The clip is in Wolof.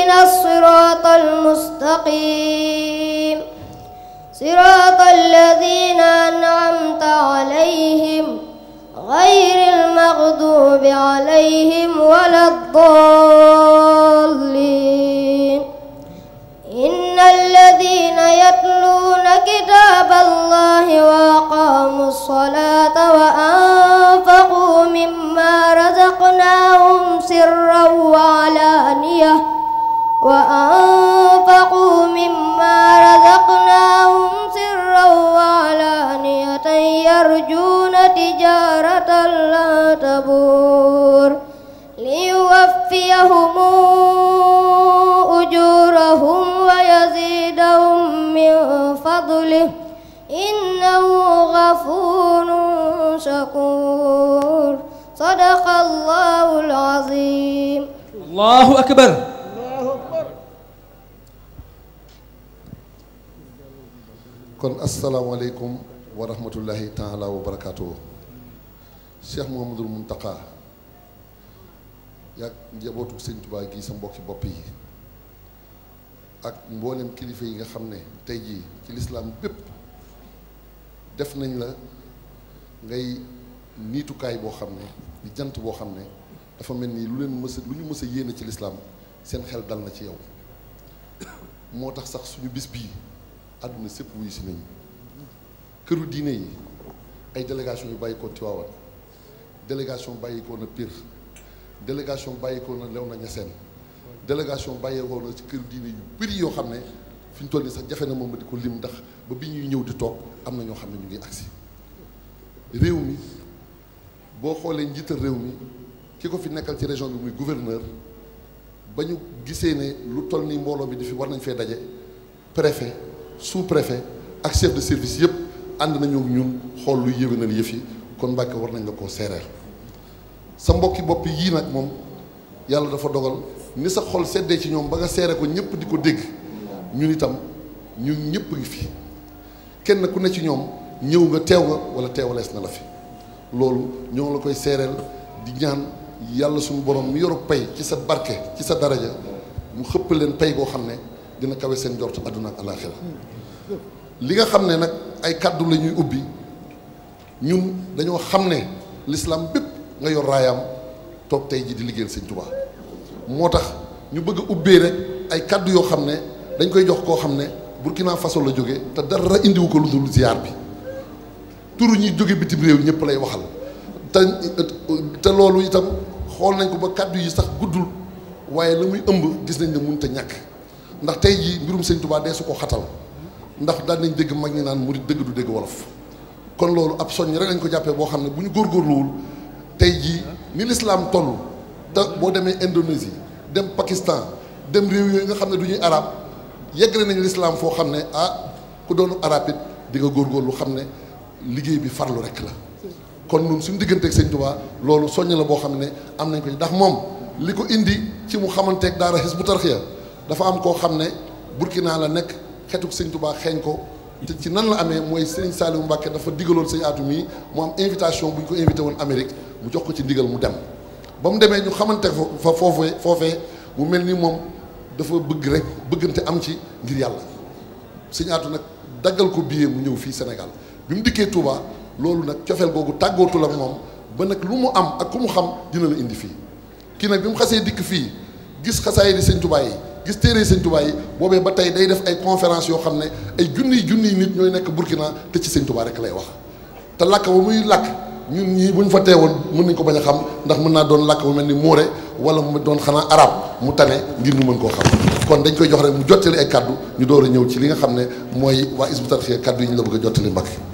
اهدنا الصراط المستقيم صراط الذين يوفيهم أجورهم ويزيدهم من فضله إنه غفور شكور صدق الله العظيم الله أكبر kon asalaamaaleykum wa rahmatullahi taala wa barakaatu Cheikh Mouhamadul Mountakha yàgg njabootu sëñ Tuubaa gi sa mbokki bopp yi ak mboolem kilifa yi nga xam ne tey jii ci lislaam bépp def nañ la ngay niitukaay boo xam ne di jant boo xam ne dafa mel ni lu leen mës a lu ñu mës a yéene ci lislaam seen xel dal na ci yow moo tax sax suñu bis bii àdduna sépp wuyu si nañu këru diine yi ay délégation yu bàyyi ko Tiwaawan délégation bàyyi ko délégation bàyyeekoo na Léona Niassène délégation bàyyeekoo na ci kër diine yu bëri yoo xam ne fi ñu toll nii sax jafe na moom ma di ko lim ndax ba bi ñuy ñëw di toog am na ñoo xam ne ñu ngi agsi réew mi boo xoolee njiital réew mi ki ko fi nekkal ci région bi muy gouverneur ba ñu gisee ne lu toll nii mbooloo bi di fi war nañ fee daje préfet sous-préfet ak chef de service yëpp ànd nañu ñun xool luy yéwénal yëf yi kon Mbàkke war nañ la koo seereel sa mbokki bopp yii nag moom yàlla dafa dogal ni sa xol seddee ci ñoom ba nga seere ko ñëpp di ko dégg ñun itam ñun ñëpp ngi fi kenn ku ne ci ñoom ñëw nga teew nga wala teewalees na la fi loolu ñoo la koy seereel di ñaan yàlla suñu borom mu yoru pay ci sa barke ci sa daraja mu xëpp leen pay koo xam ne dina kawe seen njort àdduna ak alaaxira li nga xam ne nag ay kàddu lañuy ñuy ubbi ñun dañoo xam ne l'islam bépp nga yor raayaam toog tey ji di liggéeyal sëñ Tuubaa moo tax ñu bëgg a ubbee rek ay kàddu yoo xam ne dañ koy jox koo xam ne Burkina Faso la jóge te dara indiwu ko lu dul ziar bi turu ñuy jóge bitim réew ñëpp lay waxal te loolu itam xool nañ ko ba kàddu yi sax guddul waaye la muy ëmb gis nañ ne mun te ñàkk ndax tey jii mbirum sëñ tubaa dee su ko xatal ndax daan nañ dégg mag ñi naan murid dëgg du dégg wolof kon loolu ab soññ rek lañ ko jàppee boo xam ne bu ñu góorgóorluwul tey jii ni lislaam toll te boo demee Indonésie dem Pakistan dem réew yooyu nga xam ne du ñuy arab yeggale nañu lislaam foo xam ne ah ku doonu arab it di nga góorgóorlu xam ne liggéey bi farlu rek la kon ñun suñ digganteeg sëñ Tuubaa loolu soññ la boo xam ne am nañ ko ci ndax moom li ko indi ci mu xamanteeg daara Hizbut Tarqiyyah dafa am koo xam ne Burkina la nekk xetuk sëñ Tuubaa xeeñ ko te ci nan la amee mooy Serigne Saliou Mbacke dafa digaloon sëñ Atou mii mu am invitation bu ñu ko invité woon Amérique mu jox ko ci ndigal mu dem ba mu demee ñu xamante fa foofee foofee mu mel ni moom dafa bëgg rek bëggante am ci ngir yàlla sëñ Atou nag daggal ko billet mu ñëw fii Sénégal bi mu dikkee Touba loolu nag cofeel googu tàggootul ak moom ba nag lu mu am ak ku mu xam dina la indi fii kii nag bi mu xasee dikk fii gis xasaay di sëñ Touba yi gis téere sëñ Touba yi boobee ba tey day def ay conférence yoo xam ne ay junniy junniy nit ñooy nekk Burkina te ci sëñ Touba rek lay wax te làkk ba muy làkk ñun ñii bu ñu fa teewoon mën nañ ko bañ a xam ndax mën naa doon làkk bu mel ni moore wala mu doon xanaa arab mu tane ngir ñu mën koo xam kon dañ koy jox rek mu jottali ay kaddu ñu door a ñëw ci li nga xam ne mooy waa Hizbut Tarqiyyah kaddu yi ñu la bëgg a jottali Mbacke